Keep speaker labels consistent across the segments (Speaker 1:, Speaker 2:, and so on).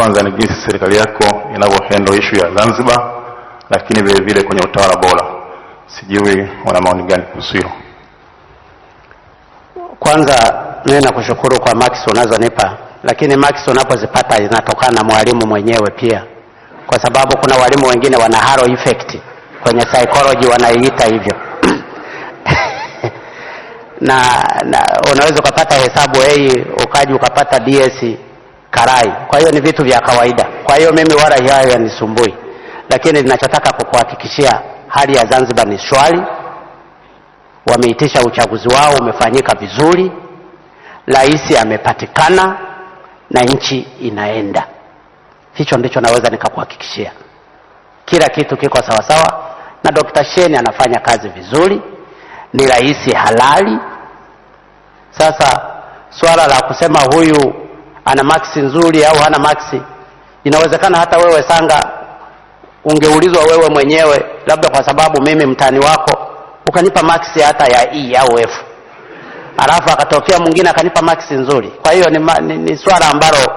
Speaker 1: kwanza ni jinsi serikali yako inavyohandle issue ya Zanzibar, lakini vile vile kwenye utawala bora. Sijui wana maoni gani kuhusu hilo.
Speaker 2: Kwanza mimi nakushukuru kwa marks unazonipa, lakini max unapozipata inatokana na mwalimu mwenyewe pia, kwa sababu kuna walimu wengine wana halo effect kwenye psychology wanaiita hivyo na, na unaweza ukapata hesabu A ukaji ukapata DS karai. Kwa hiyo ni vitu vya kawaida, kwa hiyo mimi wala hayo yanisumbui, lakini ninachotaka kukuhakikishia hali ya Zanzibar ni shwari. Wameitisha uchaguzi wao, umefanyika vizuri, rais amepatikana na nchi inaenda. Hicho ndicho naweza nikakuhakikishia. Kila kitu kiko sawasawa na Dr. Sheni anafanya kazi vizuri, ni rais halali. Sasa swala la kusema huyu ana maksi nzuri au hana maksi. Inawezekana hata wewe Sanga ungeulizwa wewe mwenyewe, labda kwa sababu mimi mtani wako, ukanipa maksi hata ya E au F, alafu akatokea mwingine akanipa maksi nzuri. Kwa hiyo ni, ni, ni swala ambalo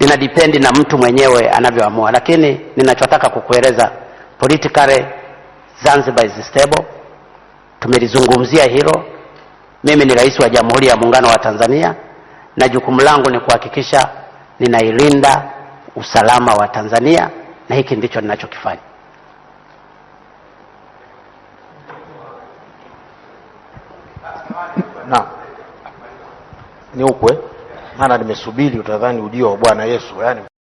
Speaker 2: lina dipendi na mtu mwenyewe anavyoamua, lakini ninachotaka kukueleza politically, Zanzibar is stable. Tumelizungumzia hilo. Mimi ni rais wa Jamhuri ya Muungano wa Tanzania na jukumu langu ni kuhakikisha ninailinda usalama wa Tanzania, na hiki ndicho ninachokifanya.
Speaker 1: Na ni ukwe maana nimesubiri utadhani ujio wa Bwana Yesu yani